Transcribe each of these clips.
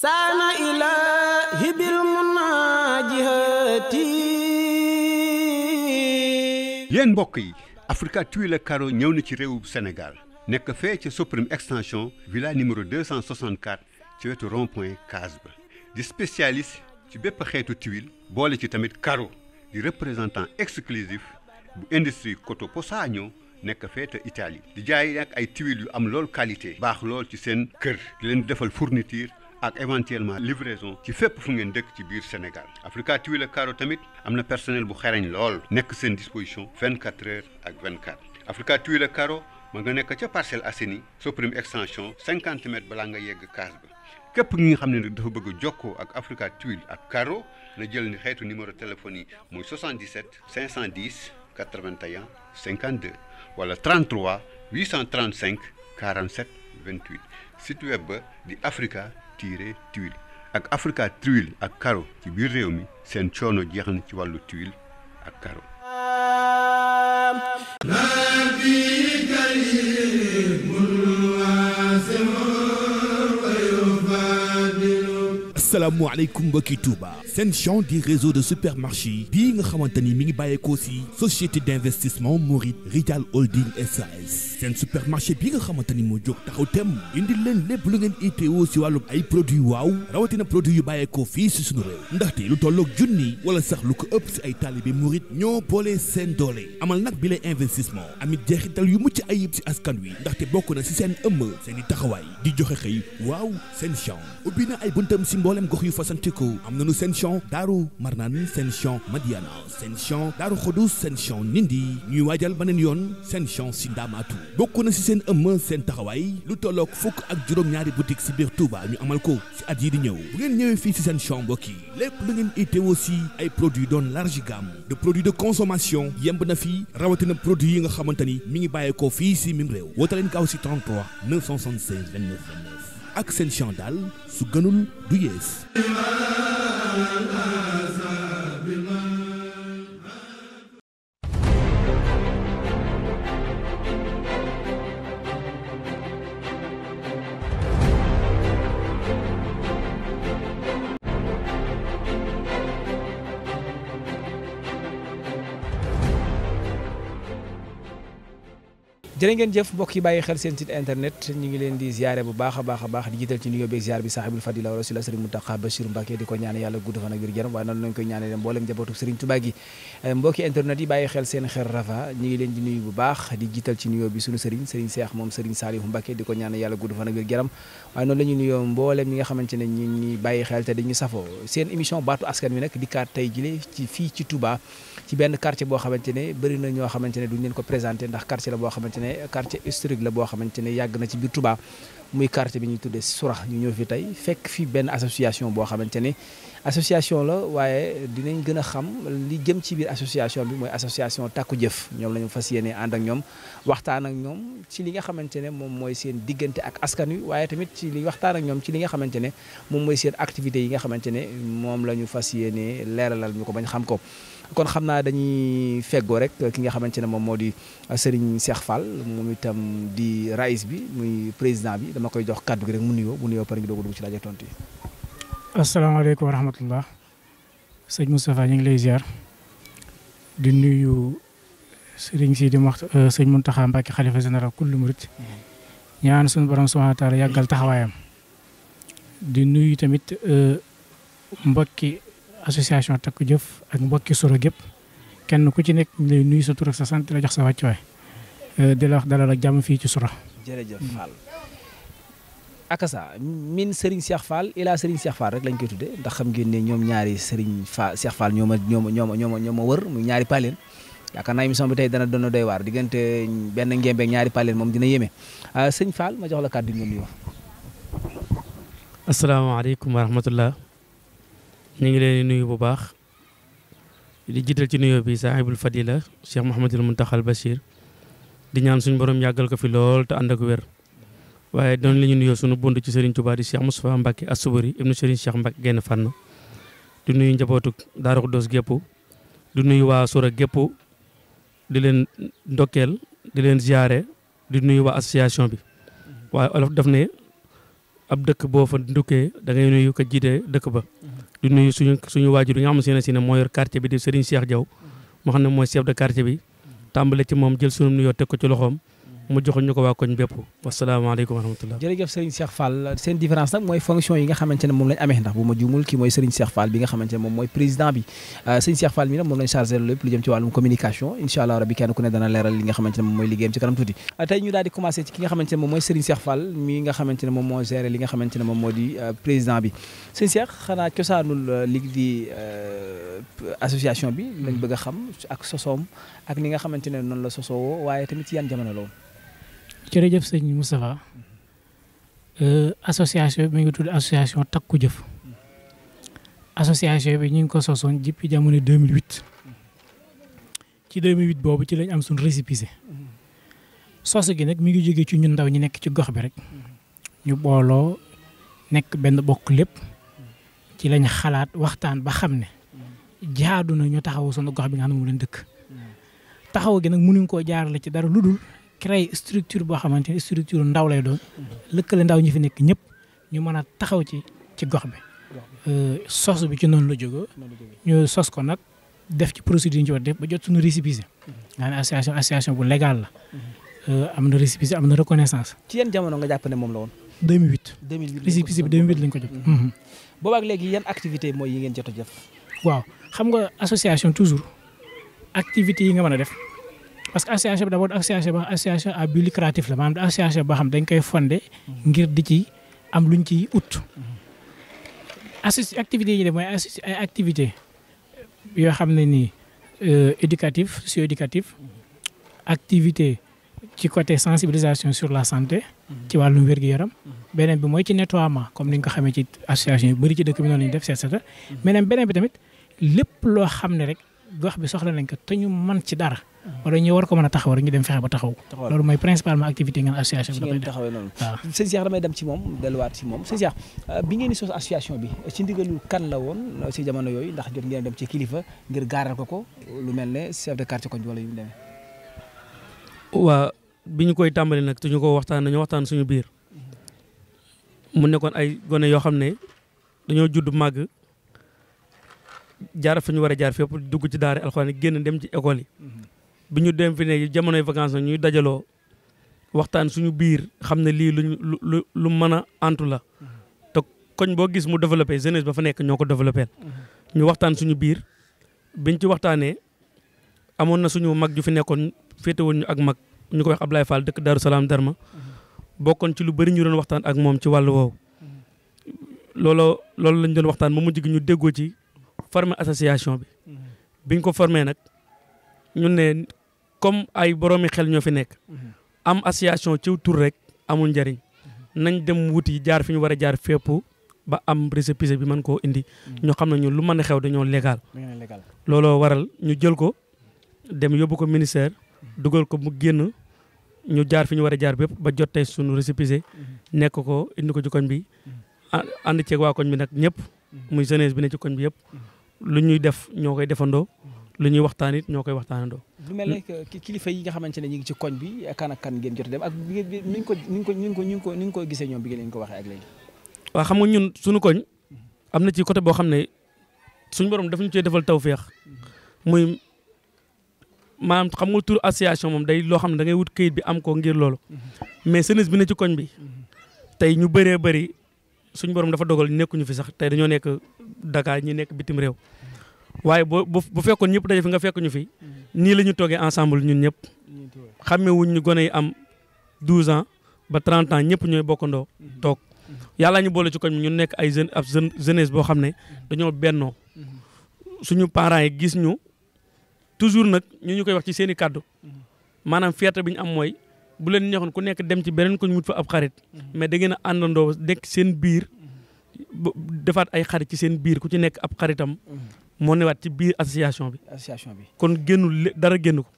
saana ilaahi bil munaajihati yéen mbokk yi Africa Tuile-Caro ñëw na ci réewu Sénégal nekk fee ca Soprim extension villa numéro 264 ci wetu rond point di spécialiste ci bépp xeetu tuile boole ci tamit caro di représentant exclusif bu industrie Coto Posagno nekk feete Italie di jaay ak ay tuiles yu am lool qualité baax lool ci seen kër di leen defal fourniture ak éventuellement livraison ci fépp fu ngeen dëkk ci biir Sénégal Africa Tuile ak Caro tamit am na personnel bu xereñ lool nekk seen disposition 24 heures ak 24 Africa Tuile ak Caro ma nga nekk ca parcelle Assainies Soprim extension 50 mètres balaa nga yegg kaas ba képp ñi nga xam ne nag dafa bëgg a jokkoo ak Africa Tuile ak Caro na jël ni xeetu numéro téléphone yi muy 77 510 81 52 wala 33 835 47 28 site web ba di Africa. tirer tuile ak Africa tuile ak caro ci biir réew mi seen coono jeex na ci wàllu tuile ak caro asalaamualeykum mbokki Touba seen champ di réseau de supermarché bii nga xamante ni mi ngi bàyyeekoo si société d'investissement Mouride Rital Holding SAS seen supermarché bi nga xamante ni moo jóg taxaw tem indil leen lépp lu ngeen itteewoo si wàllu ay produits waaw rawatina produit yu bàyyeekoo fii si sunu réew ndaxte lu tolloog junni wala sax lu ko ëpp si ay taalibe Mouride ñoo boole seen doole amal nag bi lay investissement amit jeexital yu mucc ay ayib ci askan wi ndaxte bokk na si seen ëmm seen i taxawaay di joxe xëy waaw seen mboolem gox yu fasantikoo am nañu seen champ daaru marnaan seen champ madiana seen champ daaru xudus seen champ nindi ñuy waajal beneen yoon seen champ si ndaamaatu bokk na si seen ëmm seen taxawaay lu tolloog fukk ak juróom-ñaari boutique si biir Touba ñu amal ko si at yi di ñëw bu ngeen ñëwee fii si seen champ mbokk yi lépp lu ngeen itte aussi ay produits doon large gamme de produits de consommation yemb na fi rawatina produits yi nga xamante ni mi ngi bàyyeekoo fii si mim réew woote leen gaaw si 33 965 29 29 ak seen chandal su gënul du jërë ngeen jëf mbokk yi bàyyi xel seen site internet ñu ngi leen di ziare bu baax a ci nuyoo bi saaxibul sëriñ sëriñ Seex moom sëriñ Saalihu Mbacké di ko ñaane yàlla gudd fan ak wér waaye noonu la ñuy nuyoo mboolem nga xamante ne ñu ñuy bàyyi xel te dañu safoo seen émission baatu askan wi nag di kaat tey jile fii ci Touba ci benn quartier boo xamante ne bëri na ñoo xamante ne duñ leen ko présenté ndax quartier la boo xamante ne ne quartier historique la boo xamante ne yàgg na ci biir tubaa muy quartier bi ñuy tuddee Sourax ñu ñëw fi tey fekk fi benn association boo xamante ne association la waaye dinañ gën a xam li jëm ci biir association bi mooy association takku jëf ñoom la ñu fas yéene ànd ak ñoom waxtaan ak ñoom ci li nga xamante ne moom mooy seen diggante ak askan wi waaye tamit ci li waxtaan ak ñoom ci li nga xamante ne moom mooy seen activités yi nga xamante ne moom la ñu fas yéene leeralal ñu ko bañ xam ko kon xam naa dañuy feggoo rek ki nga xamante ne moom moo di euh, Serigne Cheikh Fall moom itam di rais bi muy président bi dama koy jox kàddu gi rek mu nuyoo mu nuyoo pare ñu doog a ci rajo tontu yi. asalaamaaleykum wa rahmatullah sëñ Moustapha ñu ngi lay ziar di nuyu Serigne Sidi Maxt euh, sëñ Mountakha Mbacké xalifa général kullu murit ñaan suñu borom subhanahu wa taala taxawaayam di nuyu tamit euh, mbokki association takku jëf ak mbokki soro gépp kenn ku ci nekk lay nuyu sa tur ak sa sant la jox sa wàccuwaay euh, di la wax dalal ak jàmm fii ci soro jërëjëf mm. Fall akasa min Serigne Cheikh Fall ilaa Serigne Cheikh Fall rek lañ koy tuddee ndax xam ngeen ne ñoom ñaari Serigne Fall Cheikh Fall ñoo ma ñoo ma ñoo ma ñoo ma wër muy ñaari paleen yaakaar naa émission bi tey dana doon doy waar diggante benn ngembe ñaari paleen moom dina yeme euh, sëñ Fall ma jox la kàddu ñu nuyoo. asalaamaaleykum wa ñu ngi leen di nuyu bu baax di jiital ci nuyoo bi saahibul fadila Cheikh Mouhamadul Muntaxal Bachir di ñaan suñu borom yàggal ko fi lool te ànd ak wér waaye doon li ñu nuyoo suñu bund ci Serigne Touba di Cheikh Moustapha Mbacke Asubari ibnu Serigne Cheikh Mbacke genn fànn di nuyu njabootu Daaru Xuddoos gépp di nuyu waa Sura gépp di leen ndokkeel di leen ziare di nuyu waa association bi waaye olof daf ne ab dëkk boo fa ndukkee da ngay dëkk ba du nuyu suñu suñu waajur yi nga xam ne si ne moo yor quartier bi di Serigne Cheikh Diaw moo xam ne mooy chef de quartier moom jël sunu nuyoo teg ko ci loxoom mu joxul ko waa koñ bépp wasalaamaaleykum wa rahmatullah jërëjëf Serigne Cheikh Fall seen différence nag mooy fonction yi nga xamante moom lañ amee ndax bu ma juumul kii mooy Serigne Cheikh Fall bi nga xamante ne moom mooy président bi euh, Serigne Cheikh Fall mi moom lañ chargé lépp lu jëm ne dana leeral li nga xamante ne moom mooy liggéeyam ci kanam tuuti euh, tey ñu daal di commencé ci ki nga xamante ne moom mooy Serigne Cheikh Fall mi nga xamante ne moom moo géré li nga xamante moom moo di euh, président bi Serigne hmm. xam ak sosoom ak ni nga xamante ne noonu la sosoo waaye tamit ci yan jamono la jërëjëf sëñ Moustapha euh, association bi mi ngi tudd association takku jëf association bi ñu ngi ko sosoon depuis jamono 2008 ci 2008 boobu ci lañ am suñ récépissé sos gi nag mi ngi jógee ci ñun ndaw ñi nekk ci gox bi rek ñu booloo nekk benn bokk lépp ci lañ xalaat waxtaan ba xam ne jaadu na ñu taxaw sunu gox bi nga xam ne moom leen dëkk taxaw gi nag mënuñ koo jaarale ci dara lu dul créer structure boo xamante ni structure ndaw lay doon lëkkale ndaw ñi fi nekk ñëpp ñu mën a taxaw ci ci gox bi. Euh, sos bi ci noonu la jógee ñu sos ko nag def ci procédure yi ñu def ba jot suñu récépissé. Mhm. naan association association bu légal la. Mhm. Euh, am na récépissé am na reconnaissance. ci jamono nga jàpp ne moom la woon. 2008. 2008 récépissé bi 2008 lañ ko jot. Mhm. boobaag léegi yan activité mooy yi ngeen jot a def. waaw xam nga association toujours activité yi nga mën a def. parce que association bi d'abord association ba association à but lucratif la maanaam association boo xam dañ koy fondé ngir di ci am luñ ciy ut. associ activités yi ñu ay activités yoo xam ne nii euh, éducatif socio éducatif activité ci côté sensibilisation sur la santé. ci wàllum wér-gu-yaram. beneen bi mooy ci nettoiement comme ni nga ko xamee ci association yu bëri ci dëkk bi noonu la ñu def seet seetal. beneen bi tamit lépp loo xam ne rek. gox bi soxla nañ ko te ñu man ci dara. a ñu war ko mën a taxaw rek ñu dem fexe ba taxaw. loolu mooy principalement activité ngeen association bi. dafay def taxawee noonu waaw. sëñ moom delluwaat ci moom sëñ euh, bi ngeen di sos association bi ci ndigalu kan la woon si euh, jamono yooyu ndax jot ngeen dem ci kilifa ngir gaaral ko ko lu mel ne chef de quartier ko wala yu mu demee. waa bi ñu koy tàmbali nag te ñu ko waxtaan nañu waxtaan suñu biir mm-hmm. mu nekkoon ay gone yoo xam ne dañoo judd màgg jaar fu ñu war a jaar fépp dugg ci daara alxuraan yi génn dem ci école yi. bi ñu dem fi ne jamonoy vacances na ñuy dajaloo waxtaan suñu biir xam ne lii luñ lu lu mën a antu la. te koñ boo gis mu développé jeunesse ba fa nekk ñoo ko développé. ñu waxtaan suñu biir biñ ci waxtaanee amoon na suñu mag ju fi nekkoon féetewoon ñu ak mag ñu ko wax Ablaye Fall dëkk Darou Salaam Darma. bokkoon ci lu bari ñu doon waxtaan ak moom ci wàllu woowu. looloo loolu lañ doon waxtaan ba mujj gi ñu déggoo ci. forme association bi. biñ ko formé nag ñun ne comme ay boroomi xel ñoo fi nekk. am association ciw tur rek amul njariñ nañ dem wuti jaar fi ñu war a jaar fépp ba am récépissé bi mën koo indi. ñu xam ne lu mën a xew dañoo légal. looloo waral ñu jël ko dem yóbbu ko ministère. dugal ko mu génn ñu jaar fi ñu war a jaar bépp ba jot sunu récépissé. nekk ko indi ko ci koñ bi. Mm-hmm. ànd ceeg waa koñ bi nag ñëpp. Mm-hmm. muy jeunesse bi ne ci koñ bi yëpp. Mm-hmm. lu ñuy def ñoo koy defandoo lu ñuy waxtaan it ñoo koy waxtaanandoo. lu mel ne kilifa yi nga xamante ne ñu ngi ci koñ bi kan ak kan ngeen jot dem a ni ñu ko ni ñu ko ni ñu ko ni ñu ko gisee ñoom bi ngeen xam nga ñun suñu koñ am na ci côté boo xam ne suñu borom daf ñu cee defal taw tawféex muy maanaam xam nga tur association moom day loo xam ne da ngay kayit bi am ko ngir loolu mm-hmm. mais jeunesse bi ne ci koñ bi mm-hmm. tey ñu bëree bëri. suñu borom dafa dogal nekkuñu fi sax tey dañoo nekk Dakar ñi nekk bitim réew waaye boo bu fekkoon ñëpp daje fi nga fekk ñu fi nii la ñu toogee ensemble ñun ñëpp xàmmewuñ ñu gone yi am 12 ans ba 30 ans ñëpp ñooy bokkandoo toog yàlla ñu boole ci koñ ñun nekk ay jeune ab jeunesse boo xam ne dañoo bennoo suñu parents yi gis ñu toujours nag ñu ñu koy wax ci seen i kàddu maanaam fierté bi ñu am mooy bu leen ñoxoon ku nekk dem ci beneen ko ñu wut fa ab xarit mhm. mais da ngeen a àndandoo nekk seen biir mhm. defaat ay xarit ci seen biir ku ci nekk ab xaritam mhm. moo newaat ci biir association bi association bi kon génnul dara génn ko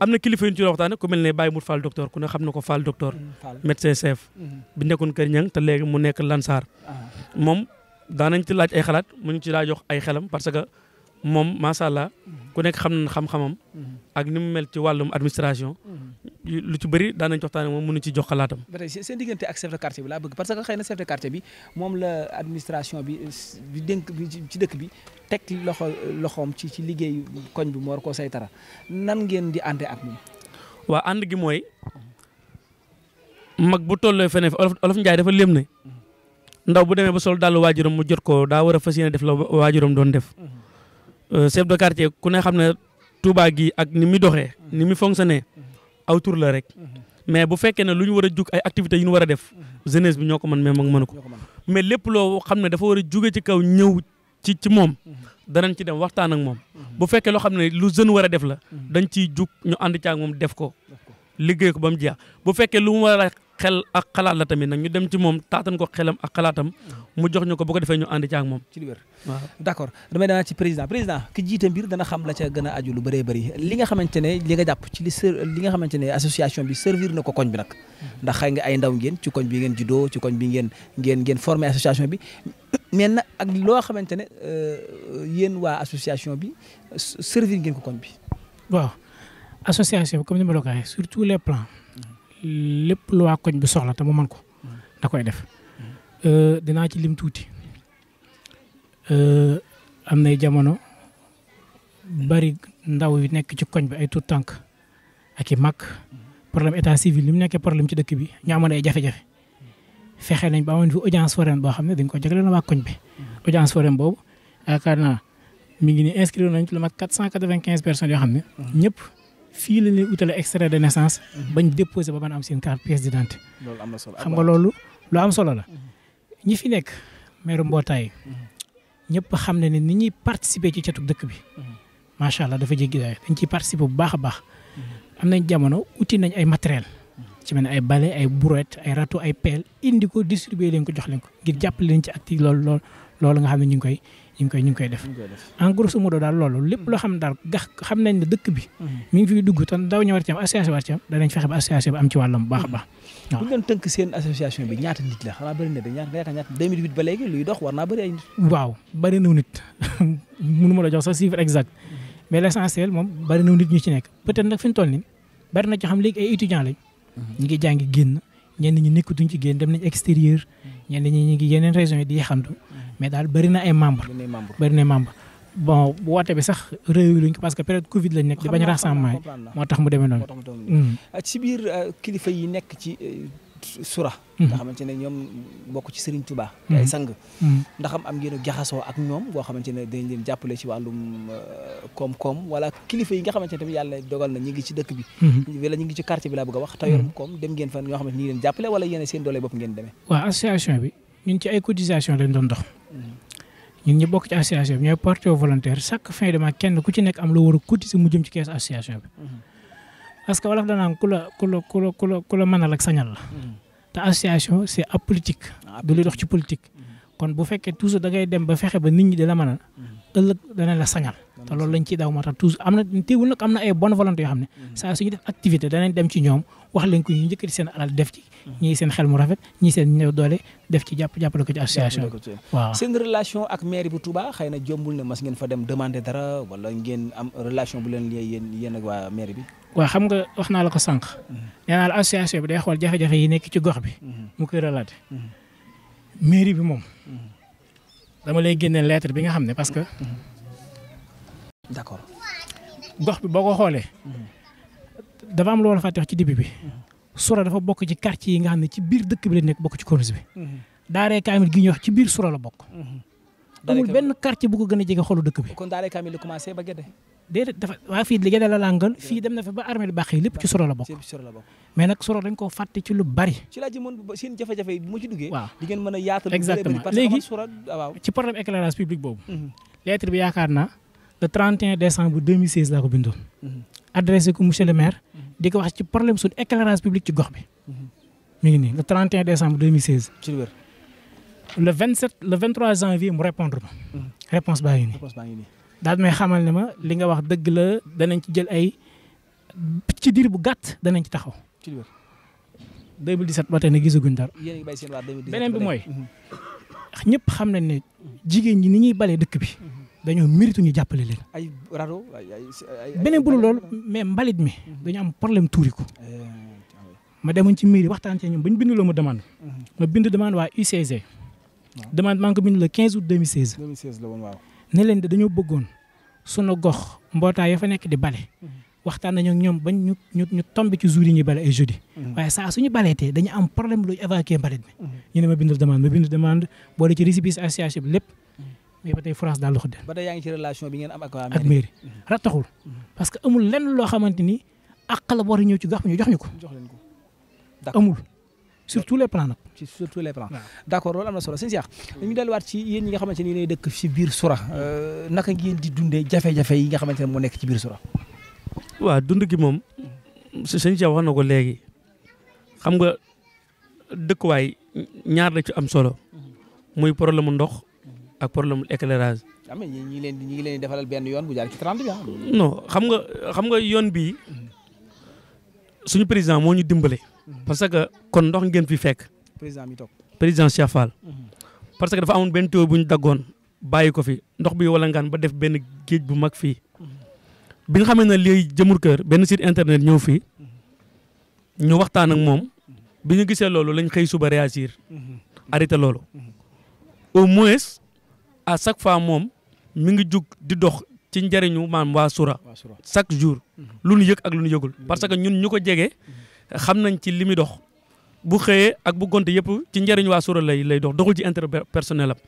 am na kilifa yu ñu ci waxtaane ku mel ne Baye Mour Fall docteur ku ne xam na ko Fall docteur mm, médecin chef bi nekkoon Kër te léegi mu nekk Lansar ah. moom daanañ ci laaj ay xalaat mu ñu ci daa jox ay xelam parce que moom macha allah ku nekk xam nañ xam-xamam mm-hmm. ak ni mu mel ci wàllum administration mm-hmm. lu ci bari daan nañ waxtaan moom mënu ci jox kalaatam ba tey seen diggante ak chef de quartier bi laa bëgg parce que xëy na chef de bi moom la administration bi dénk bi ci dëkk bi teg loxo loxoom ci ci liggéey koñ bi mu war say saytara nan ngeen di àndee ak moom. waa ànd gi mooy mag bu tolloo feneen fi olof Njaay dafa na ne mm-hmm. ndaw bu demee ba sol dàllu waajuram mu jot ko daa war a fas yéene def la waajuram doon def. Euh, chef de quartier ku ne xam ne Touba gi ak ni muy doxee ni muy fonctionné aw tur la rek mais bu fekkee ne lu ñu war a jug ay activités yu ñu war a def jeunesse bi ñoo ko mën mais mag mënu ko mais lépp loo xam ne dafa war a juge ci kaw ñëw ci ci moom danañ ci dem waxtaan ak moom bu fekkee loo xam ne lu jeune war a def la dañ ciy jug ñu ànd caag moom def ko liggéey ko ba mu jeex bu fekkee lu mu war a xel ak xalaat la tamit nag ñu dem ci moom taatan ko xelam a xalaatam mu jox ñu ko boo ko defee ñu ànd ci ak moom. ci li wér waaw d' accord damay daan ci président président ki jiite mbir dana xam la ca gën a aju lu bëree bëri li nga xamante ne li nga jàpp ci li li nga xamante ne association bi servir na ko koñ bi nag. ndax xëy nga ay ndaw ngeen ci koñ bi ngeen juddoo ci koñ bi ngeen ngeen ngeen formé association bi mais nag ak loo xamante ne euh, yéen waa association bi servir ngeen ko koñ bi association bi comme ni ma la ko waxee sur lépp lu waa koñ bi soxla te mu man ko da koy def euh, dinaa ci lim tuuti euh, am nay jamono bari ndaw yi nekk ci koñ bi ay tout tànk ak i mag problème état civil li mu nekkee problème ci dëkk bi ñu amoon ay jafe-jafe fexe nañ ba amoon fi audience foraine boo xam ne dañ ko jagleel waa koñ bi audience foraine boobu yaakaar naa mi ngi ni inscrire nañ ci lu mag quatre cent quatre-vingt-quinze personnes yoo xam ne ñëpp fii la leen utale extrait de naissance mhm. bañ déposé ba mën am seen carte pièce d'identité loolu am na solo xam nga loolu lu am solo la mhm. ñi fi nekk meeru mbootaay mhm. ñëpp xam ne ne ni ñuy participer ci catu dëkk bi macha allah dafa jéggi daay dañ ciy participer bu baax a baax am nañ jamono uti nañ ay matériel ci mel ne ay bale ay brouette ay râteau ay pelle indi ko distribuer leen ko jox leen ko ngir jàpp leen ci acti loolu loolu loolu nga xam ne ñu ngi koy ñu ngi koy ñu ngi koy def en grosso modo daal loolu lépp loo xam daal gax xam nañ ne dëkk bi mhm. mi ngi dugg te ndaw ñu war association bi am ci wàllam bu baax a baax waaw bu ngeen nit la xanaa jox sax chiffre exact mhm. mais l'essentiel moom bëri na nit ñu ci nekk peut nag fi nii bari na ci xam léegi ay lañ mhm. ñu ngi jàngi génn ñenn ñi nekkatuñ ci génn dem nañ extérieur ñenn ñi ñu ngi yeneen régions yi di yaxantu mais daal bëri na ay membre bëri na membre bon woote bi sax réew luñ ko parce que période Covid lañ nekk di bañ rassemblement moo tax mu demee noonu. Mm. Ah, euh, yi nekk ci euh, sura. Mm. nga xamante ne ñoom mm. ne dañ leen jàppale ci wàllum euh, koom-koom wala kilifa yi nga xamante ne tamit yàlla dogal na ñu ngi ci dëkk bi. Mm-hmm. wala ñu ngi ci a wax. te yorum association bi ñun ci ay cotisation lañ doon dox. ñun ñu bokk ci association bi ñooy porté volontaire chaque fin de kenn ku ci nekk am loo war a cotiser mu jëm ci kees association bi. Mhm. parce que wolof danaan ku la ku la ku la ku la ku la mënal ak sañal la. Mhm. te association c' est apolitique. Ah, du luy dox ci politique. Mhm. kon bu fekkee toujours da dem ba fexe ba nit ñi di la mënal. ëllëg dana la sañal te loolu lañ ciy daw moo tax toujours am na teewul nag am na ay bonne volonté yoo xam ne mhm. saa suñu def activité danañ dem ci ñoom wax leen ko mhm. seen relation ak mairie bu Touba xëy na jombul ne mas ngeen fa dem demander dara wala ngeen relation bu leen liee yéen waa mairie bi waaw xam nga wax naa la ko sànq mhm. nee naa association bi day xool jafe-jafe yi nekk ci gox bi mu a relaté mairie bi moom dama lay génne lettre bi nga xam ne parce que. d'accord gox bi boo ko xoolee. dafa am loolu fàtte wax ci début bi. Sura dafa bokk ci quartier yi nga xam ne ci biir dëkk bi la nekk bokk ci corniche bi. Daaree Kaamil gi ñuy wax ci biir Sura la bokk. Mhm. amul benn quartier bu ko gën a jege xolu dëkk bi. kon commencé ba de dafa waa fii liggéey da la làngal fii dem na fa ba armée baax yi lépp ci soro la bokk mais nag soro dañ koo fàtte ci lu bari ci jafe-jafe yi bu ma ci duggee waaw exactement léegi ah, ci problème éclairage public boobu mhm. lettre bi yaakaar naa le 31 décembre laa ko bindoon mhm. adressé ko monsieur le maire mhm. di wax ci problème suñu éclairage public ci gox bi mi ngi nii le 31 décembre 2016 ci wér le 27 le janvier mu répondre daal may xamal ne ma li nga wax dëgg la danañ ci jël ay ci diir bu gàtt danañ ci taxaw. 2017 ba tey nag gisaguñ dara. yéen a ngi bay seen waar beneen bi mooy. Mhm. ñëpp xam nañ ne jigéen ñi ni ñuy balee dëkk bi. Mhm. dañoo méritu ñu jàppale leen. ay rado ay ay beneen bu loolu mais mbalit mi. Mhm. dañu am problème tuuri ko. Eh, ma demoon ci mairie waxtaan ci ñoom ba ñu bind loo ma demande. ma bind demande waa UCG. demande maa ngi ko bind le 15 août 2016. la woon waaw. ne leen di dañoo bëggoon sunu gox mbootaay ya fa nekk di bale mm-hmm. waxtaan nañu ak ñoom bañ ñu ñu ñu tombé ci jour yi ñuy bale ay jeudi mm-hmm. waaye saa suñu baleetee dañu am problème lu évacuer mbalit mi mm-hmm. ñu ne ma bindal demande ma bind demande boole ci récépissé association bi lépp mais ba tey France daal loxo den ak mairie rattaxul parce que amul lenn loo xamante ni àq la war ñëw ci gox ñu jox ñu ko amul surtout tous les plans nag. sur tous les plans. d' accord loolu am na solo sëñ ñu delluwaat ci yéen ñi nga xamante ne yéenay dëkk ci biir Sura. Euh, naka ngeen di dundee jafe-jafe yi nga xamante ne moo nekk ci biir Sura. waaw dund gi moom sëñ Cheikh wax na ko léegi xam nga dëkkuwaay ñaar la ci am solo. muy problème mu ndox ak problème mu éclairage. am ah, na ñi leen di ñi ngi leen di benn yoon bu jaar ci 30 ah. xam nga xam nga yoon bii suñu président moo ñu dimbale. parce que kon ndox ngeen fi fekk. président mi toog président Cheikh Fall. Mhm. parce que dafa amoon benn tuyau bu ñu daggoon bàyyi ko fi ndox bi wala ngaan ba def benn géej bu mag fii. Mhm. bi nga xamee ne lii jëmur kër benn site internet ñëw fii. Mhm. ñu waxtaan ak moom. bi ñu gisee loolu lañ xëy suba réagir. arrêté loolu. au moins à chaque fois moom mi ngi jug di dox ci njëriñu maam waa Sura. chaque jour lu ñu yëg ak lu ñu yëgul. parce que ñun ñu jege. xam nañ ci li muy dox bu xëyee ak bu gonte yëpp ci njëriñ waa Sura lay lay dox doxul ci intérêt personnel am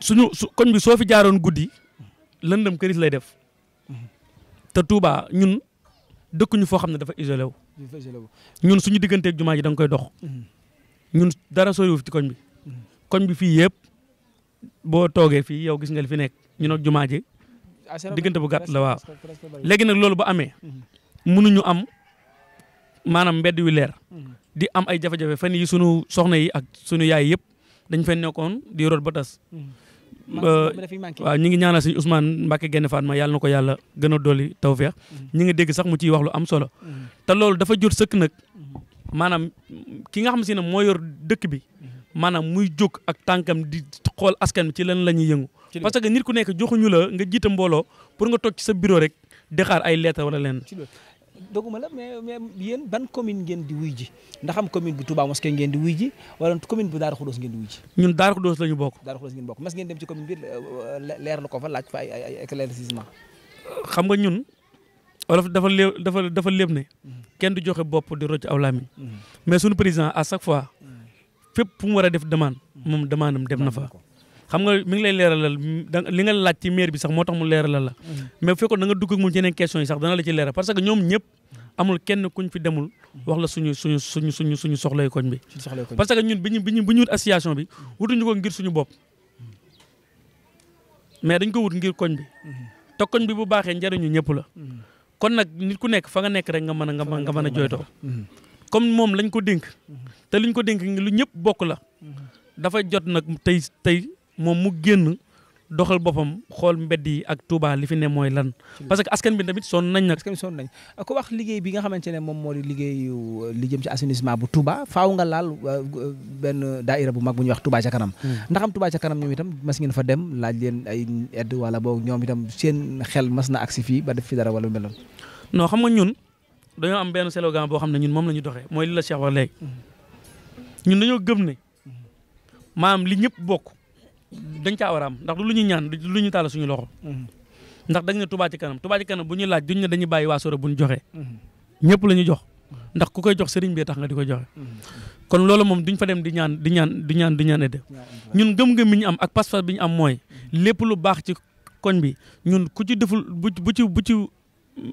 suñu su koñ bi soo fi jaaroon guddi lëndëm këris lay def te Touba ñun dëkkuñu foo xam ne dafa isolé wu. ñun suñu digganteeg jumaa ji da koy dox. ñun dara soriwul ci koñ bi. koñ bi fii yëpp boo toogee fii yow gis nga li fi nekk ñun ak jumaa ji ah, diggante bu gàtt la waaw léegi nag loolu bu amee mënuñu am. maanaam mbedd wi leer mhm. di am ay jafe-jafe fan yi sunu soxna yi ak sunu yaay yëpp dañ fay nekkoon di root ba tas. Mhm. waaw ñu ngi ñaanal si usmaan Mbacke Guène Fatma yàlla na ko yàlla gën a dolli tawféex mhm. ñu ngi dégg sax mu ciy wax lu am solo. te loolu dafa jot sëkk nag maanaam ki nga xam si ne moo yor dëkk bi maanaam muy jóg ak tànkam di xool askan bi ci lan la ñuy yëngu. parce que nit ku nekk ñu la nga jiite mbooloo pour nga toog ci sa bureau rek di xaar ay lettre wala lenn. doguma la mais mais yéen ban commune ngeen di wuy ji ndax am commune bu Touba Mosquée ngeen di wuy ji wala commune bu Darou Khoudoss ngeen di wuy ñun Darou Khoudoss la ñu bokk. Darou ngeen dem ci commune bi leer lu xam nga ñun olof dafa léeb dafa dafa léeb ne mhm. kenn du joxe bopp di rocc aw làmmiñ mhm. mais suñu président à chaque fois mhm. fépp fu mu war a def demande moom demande am na fa. xam nga mi ngi bi sax moo tax mu leeralal la mais fekkoon da dugg ak ci yeneen question sax dana leeral parce que ñoom ñëpp amul kenn ku ñu fi demul wax la suñu suñu suñu suñu suñu soxlay koñ bi. parce que ñun bi ñu bi ñu bi ñu wut association bi wutuñu ko ngir suñu bopp mais dañ ko wut ngir koñ bi te koñ bi bu baaxee njëriñu ñëpp la. kon nag nit ku nekk fa nga nekk rek nga mën nga man nga mën a jooytoo comme moom lañ ko dénk te liñ ko dénk lu ñëpp bokk la dafa jot nag tey tey moom mu génn doxal boppam xool mbedd yi ak Touba li fi ne mooy lan. parce que askan bi tamit sonn nañ nag. askan bi sonn nañ ku wax liggéey bi nga xamante ne moom moo di euh, li jëm ci assainissement bu Touba faaw nga laal euh, benn daaira bu mag bu ñuy wax Touba ca kanam. Hmm. ndax am ca kanam ñoom itam mas ngeen fa dem laaj leen ay aide wala ñoom itam seen xel mas na agsi fii ba def fi dara wala meloon. non xam nga ñun dañoo am benn slogan boo xam ne ñun moom la ñu doxee mooy li la Cheikh wax léegi hmm. ñun dañoo gëm ne maam li ñëpp bokk dañ caa a am ndax du lu ñu ñaan du lu ñu taal suñu loxo. Mhm. ndax dañ ne Touba ci kanam Touba ci kanam bu ñu laaj duñ ne dañuy bàyyi waa bu ñu joxe. Mhm. ñëpp la jox ndax ku koy jox sëriñ bi tax nga di ko joxe. Mhm. kon loolu moom duñ fa dem di ñaan di ñaan di ñaan di ñaan de ñun gëm-gëm mi ñu am ak pas-pas bi ñu am mooy lépp lu baax ci koñ bi ñun ku ci deful bu bu ci bu ci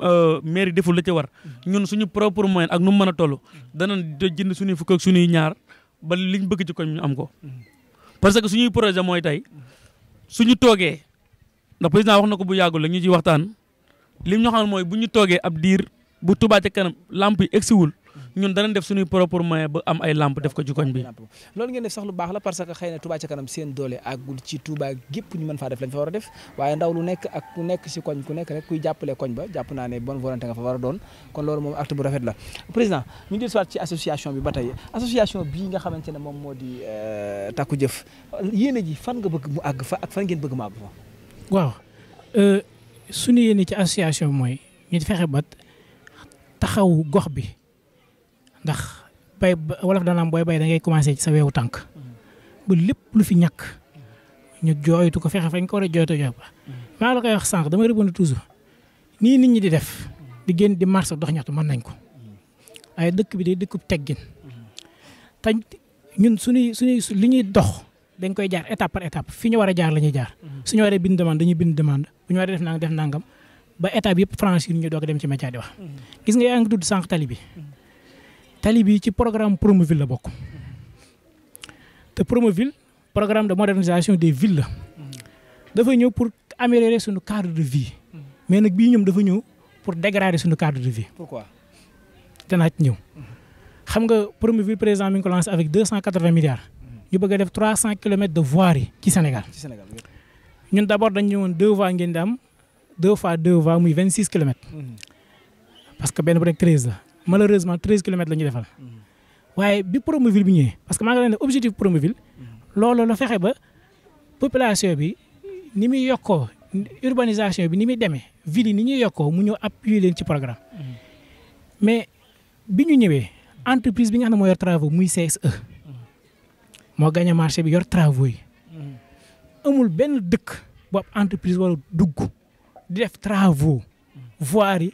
euh, mairie deful la ci war ñun suñu propre moyen ak nu mu mën a toll danañ jënd suñuy fukk ak suñuy ba liñ bëgg ci ñu am ko. parce que suñuy projet mooy tey ñu toogee ndax président wax na ko bu yàggul la ñu ciy waxtaan lim ñu mooy bu ñu toogee ab diir bu Touba ca kanam lamp yi egsiwul ñun danañ def suñuy propre moyen ba am ay lamp def ko ci koñ bi loolu ngeen def sax lu baax la parce que xëy na Touba kanam seen doole àggul ci Touba gépp ñu mën faa def lañ fa war a def nekk ak ku nekk si koñ ku jàppale koñ ba jàpp naa ne bonne volonté nga fa a doon kon loolu moom acte bu rafet la président ñu ngi ci bi ba tey association bii nga xamante ne moom moo di euh, takku jëf ji fan nga bëgg mu àgg fa ak fan ngeen bëgg mu àgg fa waaw euh, suñu yéene ci association mooy ñu fexe ba taxawu gox bi ndax bay wolof dana am booy bay da ngay ci sa weewu tànk ba lépp lu fi ñàkk ñu jooytu ko fexe fañ ko war a jooytu jox ba maa la koy wax sànq dama répondre toujours nii nit di def di génn di marché dox ñaxtu mën nañ ko waaye dëkk bi day dëkkub teggin te ñun suñuy suñuy li ñuy dox dañ koy jaar étape par étape fi ñu war a jaar la ñuy jaar suñu waree bind demande dañuy bind demande bu ñu waree def nangam def nangam ba étape yëpp franchir ñu doog dem ci média di wax mm-hmm. gis nga yaa ngi tudd sànq tali tali bi ci programme Promoville la bokk te Promoville programme de modernisation des ville la dafa ñëw pour améliorer suñu cadre de vie mais nag bii ñoom dafa ñëw pour dégrader suñu cadre de vie. pourquoi danaa ci ñëw. xam nga Promoville président mi ngi ko lancé avec deux cent quatre vingt milliards. ñu bëgg a def trois cent kilomètres de voirie ci Sénégal. ci Sénégal ñun d' abord dañu ñëwoon deux voies ngeen di am deux fois deux voies muy vingt six kilomètres. Mhm. parce que benn bu nekk treize la. malheureusement 13 kilomètres la ñuy defal waaye bi Promoville bi ñëwee parce que maa ngi leen ne objectif Promoville loolu la fexe ba population bi ni muy yokkoo urbanisation bi ni muy demee ville ni ñuy yokkoo mu ñëw appuyer leen ci programme mais bi ñu ñëwee entreprise bi nga xam ne moo yor travaux muy CSE moo gagné marché bi yor travaux yi amul benn dëkk boobu entreprise wala dugg di def travaux voirie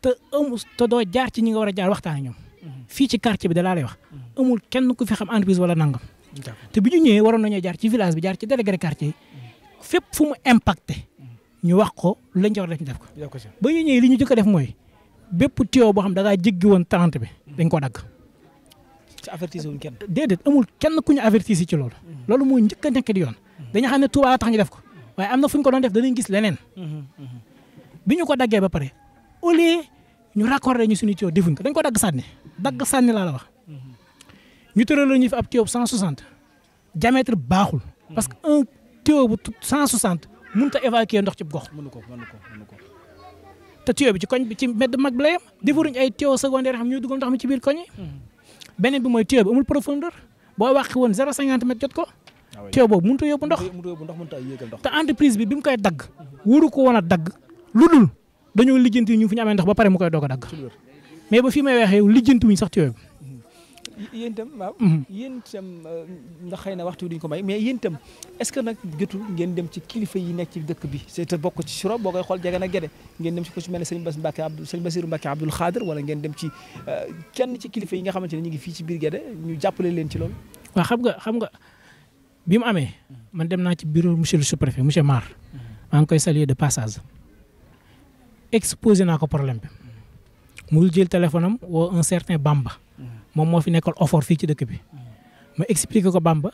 te amul te doo jaar ci ñi nga a jaar waxtaan ñoom mhm. fii ci quartier bi da laa lay wax mhm. amul kenn ku fi xam entreprise wala nangam te ñu ñëwee waroon nañoo jaar ci village bi jaar ci délégué quartier yi mhm. fépp ñu wax ko lañ ca war def ñu def ko ba ñu ñëwee li ñu jëkk a mooy bépp tuyau boo xam da ngaa jéggi woon trente bi dañ ko dagg ci avertise wuñ kenn déedéet amul kenn ku ñu avertise ci loolu loolu mooy njëkk a nekk di yoon dañu xam ne Tuubaa tax ñu def ko waaye am na fu ñu ko doon def danañ gis leneen bi ñu ko daggee ba pare au lieu ñu raccordé ñu suñu tuyau defuñ ko dañ ko dagg sànni dagg sànni laa la wax ñu tëraloo ñu fi ab tuyau bu 160 diamètre baaxul parce que un tuyau bu 160 mënut a évacuer ndox ci gox. mënu ko mënu ko mënu ko. te tuyau bi ci koñ bi ci mbedd mag bi la yem defuruñ ay tuyau secondaire xam ñuy dugal ndox mi ci biir koñ yi. Hmm. beneen bi mooy tuyau bi amul profondeur boo waxee woon 0,50 mètre jot ko. teew ah boobu mënut a yóbbu ndox. mënut a te entreprise bi bi mu koy dagg. waru ko woon a dagg lu dul dañoo lijjanti ñu fu ñu amee ndox ba pare mu koy doog a dagg mais ba fi may waxee lijjanti wuñ sax ci yooyu. yéen itam waaw. Mm-hmm. yéen itam euh, ndax xëy na waxtu duñ ko may mais yéen itam est-ce que nag jotul ngeen dem ci kilifa yi nekk ci dëkk bi c'est bokk ci suro boo koy xool jege na gede ngeen dem ci ko ci ne sëñ Bass Mbacke Abdou sëñ Bassirou Mbacke Abdoul wala ngeen dem ci euh, kenn ci kilifa yi nga xamante ne ñu ngi fii ci biir gede ñu jàppale leen ci loolu. waaw xam nga xam nga bi mu amee man dem naa ci bureau monsieur le sous-préfet monsieur Mar mm-hmm. maa ngi koy saluer de passage exposé naa ko problème bi mu dul jël téléphone am un certain Bamba moom moo fi nekkal offort fii ci dëkk bi ma expliqué ko Bamba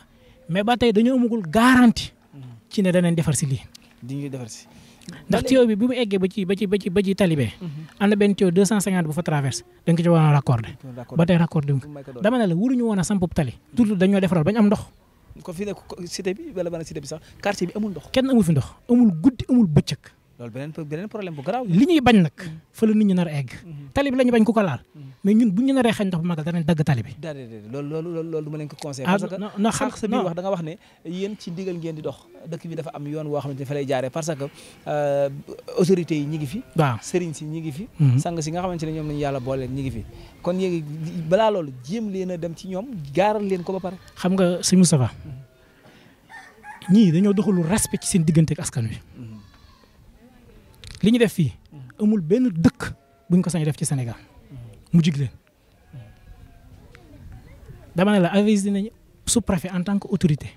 mais ba tey dañoo ba ci ba mhm. da nga ko ci waroon raccordé. ba tey raccordé wu dama ne la waruñu woon a samp tali. toujours dañoo defaral bañ am bi wala cité bi sax quartier bi amul ndox. kenn amul fi amul guddi amul bëccëg. loolu beneen beneen problème bu garaaw li ñuy bañ nag mm-hmm. fa la nit nar a egg mm-hmm. tali bi la ñu bañ ku ko laal mm-hmm. mais ñun bu ñu naree xañ ndox bu magal danañ dagg tali bi déedéet loolu loolu loolu du ma leen ko ah, wax da nga wax ne yéen ci ndigal ngeen di dox dëkk bi dafa am yoon woo xamante ne fa lay jaaree parce que euh, autorités yi ñi ngi fi waaw sëriñ si ñi ngi fi sang si nga xamante ne ñoom lañu yàlla boole ñi ngi fi kon yéen balaa loolu jéem leen a dem ci ñoom gaaral leen ko ba pare xam nga sa Moustapha ñii dañoo doxalul respect ci seen diggante askan wi li ñu def fii amul benn dëkk buñ ko sañ def ci Sénégal mu jig leen dama ne la avisé nañ sous-préfet en tant que autorité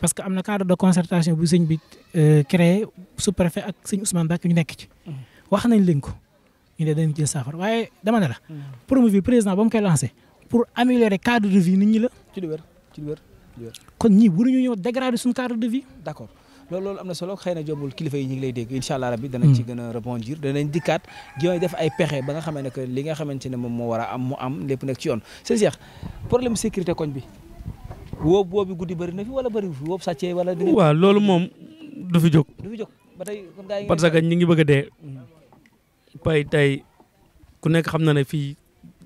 parce que am na cadre de concertation bu sëñ bi euh, créé sous-préfet ak sëñ Ousmane Bakk ñu nekk ci wax nañ leen ko ñu ne dañ jël saafara waaye dama ne la Promovilles président ba mu koy lancé pour améliorer cadre de vie nit ñi la ci lu wér ñu lu wér kon ñii de vie d'accord loolu loolu am na solo xëy na jombul kilifa yi ñu ngi lay dégg incha allah rabbi danañ hmm. ci a rebondir danañ dikkaat jiwooy def ay pexe ba nga xamee ne que li nga xamante ne moom moo war a am am lépp nekk ci yoon sëñ Cheikh sécurité koñ bi wóob wóobi guddi bëri na wala bëri fi wóob sàccee wala waaw loolu moom du fi jóg du fi ba tey kon gaa parce que ñu ngi bëgg a dee hmm. pay tey ku nekk xam na ne fii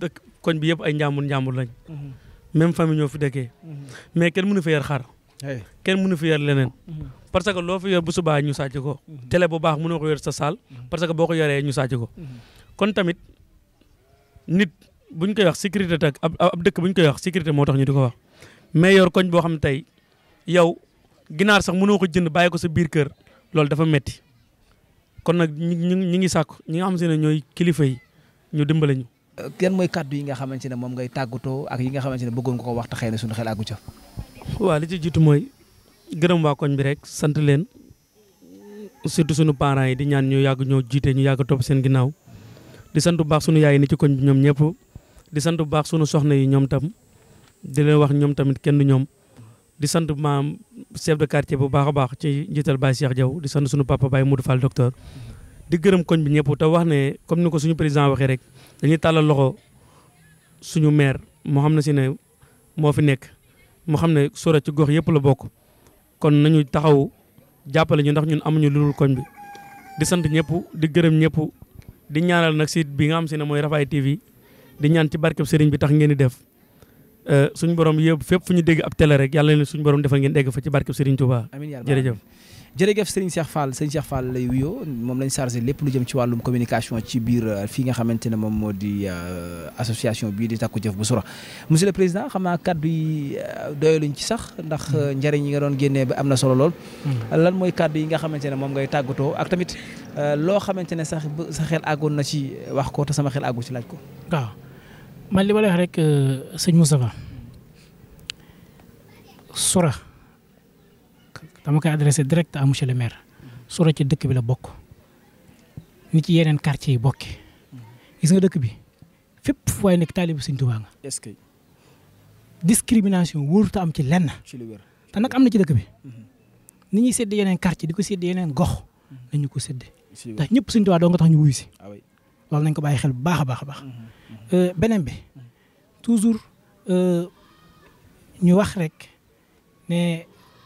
dëkk koñ bi yëpp ay njàmbur njàmbur lañ hmm. même famille ñoo fi dëkkee mais kenn munu fi yar xar kenn mënu fi yar leneen parce que loo fi yor bu subaa ñu sàcc ko. Mhm. télé bu baax mënoo ko yor sa saal. Mhm. parce que boo ko yoree ñu sàcc ko. Mhm. kon tamit nit buñ koy wax sécurité tak ab dëkk bu koy wax sécurité moo tax ñu di ko wax. mais yor koñ boo xam tey yow ginaar sax mënoo ko jënd bàyyi ko sa biir kër loolu dafa metti kon nag ñu ñu ngi sàkku ñi nga xam si ne ñooy kilifa yi ñu dimbale ñu. kenn mooy kaddu yi nga xamante ne moom ngay tàggatoo ak yi nga xamante ne bëggoon nga ko wax te xëy na suñu xel àggu ca. waaw li gërëm waa koñ bi rek sant leen surtout sunu parent yi di ñaan ñu yàgg ñoo jiite ñu yàgg topp seen ginnaaw di sant bu baax sunu yaay ni ci koñ bi ñoom ñëpp di sant bu baax sunu soxna yi ñoom tam di leen wax ñoom tamit kenn ñoom di sant maam chef de quartier bu baax a baax ci njiital Baye Cheikh jaw di sant suñu papa baay Modou Fall docteur di gërëm koñ bi ñëpp te wax ne comme ni ko suñu président waxee rek dañuy tàllal loxo suñu maire moo xam ne si ne moo fi nekk moo xam ne sora ci gox yëpp la bokk kon nañu taxaw jàppale ñu ndax ñun amuñu lu koñ bi di sant ñëpp di gërëm ñëpp di ñaanal nag site bi nga xam si ne mooy Rafaay TV di ñaan ci barkeb sëriñ bi tax ngeen di def euh, suñu borom yëpp fépp fu ñu dégg ab télé rek yàlla na suñu borom defal ngeen dégg fa ci barkeb sëriñ Touba jërëjëf jërëjëf Serigne Cheikh Fall Serigne Cheikh lay wuyoo moom lañ chargé lépp lu jëm ci wàllum communication ci biir euh, fii nga xamante ne moom moo di euh, association bii di takku jëf bu sura monsieur le président xamaa naa kaddu yi euh, doyaluñ ci sax ndax mm. njariñ yi nga doon génnee ba am na solo lool. Mm. lan mooy kaddu yi nga xamante ne moom ngay tàggatoo ak tamit loo xamante ne sax sa xel àggoon na ci wax ko te sama xel agu ci laaj ko. waaw man li ma lay wax rek sëñ Moustapha sura dama koy adressé direct à monsieur le maire Soro ci dëkk bi la bokk ni ci yeneen quartier yi bokki gis nga dëkk bi fépp fu waay nekk taalibu Sëñ Tuubaa nga. est-ce que discrimination wóorut am ci lenn. ci lu wér te nag am na ci dëkk bi. ni ñuy séddee yeneen quartier di ko séddee yeneen gox nañu ko séddee. ndax ñëpp Sëñ Tuubaa doo nga tax ñu wuyu si. Ah loolu nañ ko bàyyi xel bu baax a baax a baax. Mm-hmm. Euh, beneen bi toujours euh, ñu wax rek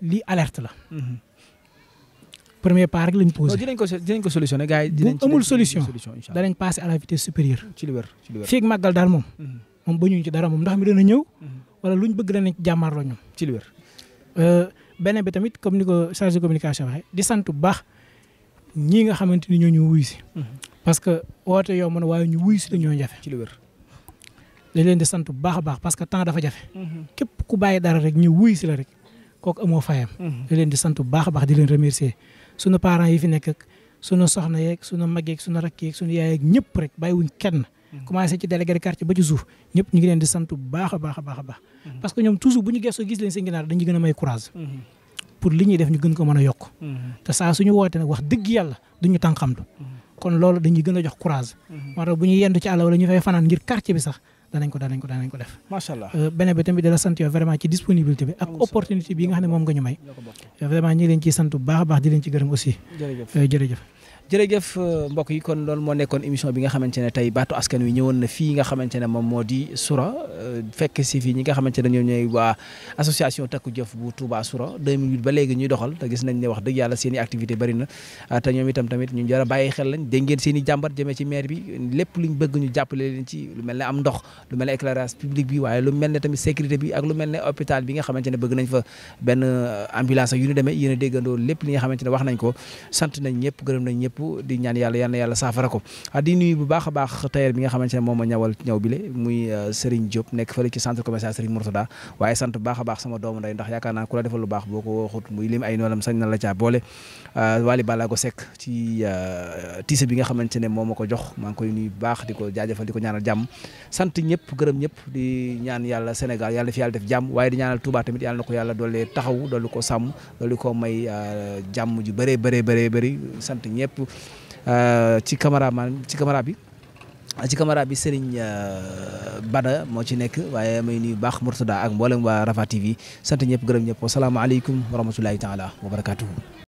lii alerte la. Mhm. premier pas rek lañ posé. dinañ ko dinañ ko solutionné gars yi dinañ. amul solution danañ passé à la vitesse supérieure. ci li wér ci li fii ak màggal daal moom. Mhm. moom bañuñ ci dara moom ndox mi na ñëw. Mhm. wala luñ bëgg danañ jàmmaarloo ñoom. ci li wér. Euh, beneen bi tamit comme ni ko chargé de communication waxee di sant bu baax ñii nga xamante ni ñoo ñu wuy si. parce que woote yow mën waaye ñu wuy si la ñoo jafe. ci li wér. dañ leen di sant bu baax a baax parce que temps dafa jafe. képp ku bàyyi dara rek ñu wuy si la rek. kooku amoo fayam. Mhm. di leen di sant bu baax a baax di leen remercier sunu parents yi fi nekk ak sunu soxna yeeg sunu mag yeeg sunu rakk yeeg sunu yaay yeeg ñëpp rek bàyyiwuñ kenn. Mhm. commencé ci délégué de quartier ba ci suuf ñu ngi leen di a a a mhm. gën a may courage. pour li def ñu gën ko mën a yokk. te saa suñu woote nag wax dëgg yàlla duñu tànqamtu. kon loolu dañuy gën a jox courage. moo tax bu ñuy yendu ci àll wala ñu fay fanaan ngir quartier bi sax danañ ko danañ ko danañ ko def macha allah euh, beneen bi tamit dala sant yow vraiment ci disponibilité bi ak opportunité bi nga xam ne moom nga ñu may euh, vraiment ñi ngi leen baax a baax di leen ci gërëm aussi euh, jërëjëf euh, mbokk yi kon loolu moo nekkoon émission bi nga xamante ne tey baatu askan wi ñëwoon na fii nga xamante ne moom moo di Soura euh, fekk si fii ñi nga xamante ne ñoom ñooy waa association takku jëf bu Touba Soura 2008 ba léegi ñuy doxal te gis nañ ne wax dëgg yàlla seen activité bari na ah, te ñoom itam tamit ñu jara bàyyi xel lañ dégg ngeen seen i jàmbat jëmee ci maire bi lépp luñ bëgg ñu jàppale leen ci lu mel ne am ndox lu mel ne éclairage public bi waaye lu mel ne tamit sécurité bi ak lu mel ne hôpital bi nga xamante ne bëgg nañ fa benn euh, ambulance ak ñu demee yéen déggandoo lépp li nga xamante ne wax nañ ko sant nañ ñëpp gërëm nañ ñëpp yëpp di ñaan yàlla yal na yàlla saafara ko ah, di nuyu baax a baax tailleur bi nga xamante ne moom ma ñawal ñaw bile muy euh, Serigne Diop nekk fële ci a commercial Serigne Mourtada waaye sant baax a sama doomu ndey ndax yaakaar naa ku la defal lu baax boo ko waxut muy lim ay noolam sañ na la caa boole ah, euh, ma ko jox maa ngi koy nuyu bu doole taxaw doolu ko sàmm doolu ko may euh, jàmm ju bëree bëree sant ñëpp Euh, ci cameraman ci caméra bi ci caméra bi Serigne euh, Bada moo ci nekk waaye may nuyu baax Murtada ak mboolem waa Rafa TV sant ñëpp gërëm ñëpp wasalaamaaleykum wa rahmatulahi taala wa barakaatuhu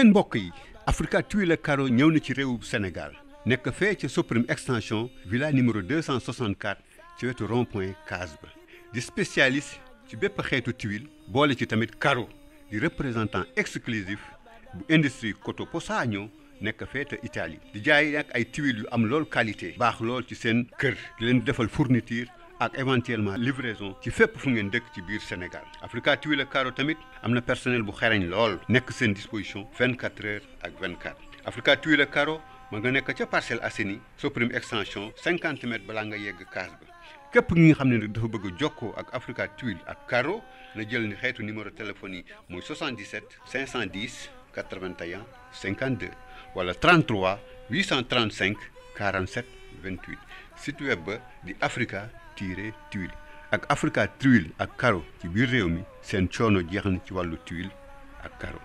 yéen mbokk yi Africa Tuy le ñëw na ci réewum Sénégal nekk fee ca Soprim extension villa numéro 264 ci wetu rond point case ba di spécialiste ci bépp xeetu tuile boole ci tamit caro di représentant exclusif bu industrie Coto Posagno nekk fee te Italie di jaay ak ay tuiles yu am lool qualité baax lool ci seen kër di leen defal fourniture ak éventuellement livraison ci fépp fu ngeen dëkk ci biir Sénégal Africa Tuile ak Caro tamit am na personnel bu xereñ lool nekk seen disposition 24 heures ak 24 Africa Tuile ak karo ma nga nekk ca Parcelles Assainies Soprim extension 50 mètres balaa nga yegg case ba képp ngi nga xam ne nag dafa bëgg jokkoo ak Africa Tuile ak Caro na jël ni xeetu numéro téléphone yi mooy 77 510 81 52 wala 33 835 47 28 site web ba di Africa. tiire ak Africa tuile ak caro ci biir réew mi seen coono jeex na ci wàllu tuile ak caro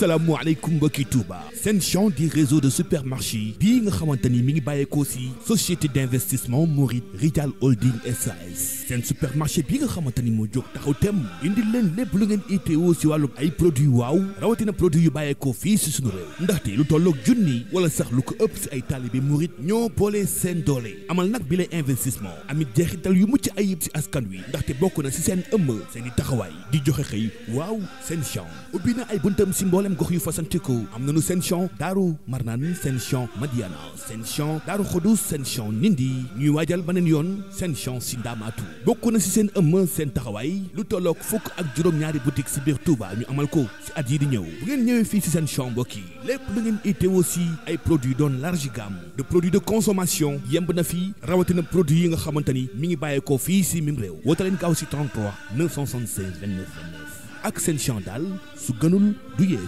asalaamualeykum mbokki Touba seen champ di réseau de supermarché yi bii nga xamante ni mu ngi bàyyeekoo si société d'investissement Mouride Rital Holding SAS seen supermarché bi nga xamante ni moo jóg taxaw tem indi leen lépp lu ngeen itteewoo si wàllu ay produits waaw rawatina produits yu bàyyeekoo fii si suñu réew ndaxte lu tolloog junni wala sax lu ko ëpp si ay taalibe Mouride ñoo boole seen doole amal nag bi lay investissement amit jeexital yu mucc ay ayib ci askan wi ndaxte bokk na si seen ëmm seen i taxawaay di joxe xëy waaw seen mboolem gox yu fasantikoo am nañu seen champ daaru marnaan seen champ madiana seen champ daaru xudus seen champ nindi ñuy waajal beneen yoon seen champ si ndaamaatu bokk na si seen ëmm seen taxawaay lu tolloog fukk ak juróom-ñaari boutique si biir Touba ñu amal ko si at yi di ñëw bu ngeen ñëwee fii si seen champ mbokk yi lépp lu ngeen itte aussi ay produits doon large gamme de produits de consommation yemb na fi rawatina produits yi nga xamante ni mi ngi bàyyeekoo fii si mim réew woote leen gaaw si 33 976 29 29 ak seen chandal su gënul du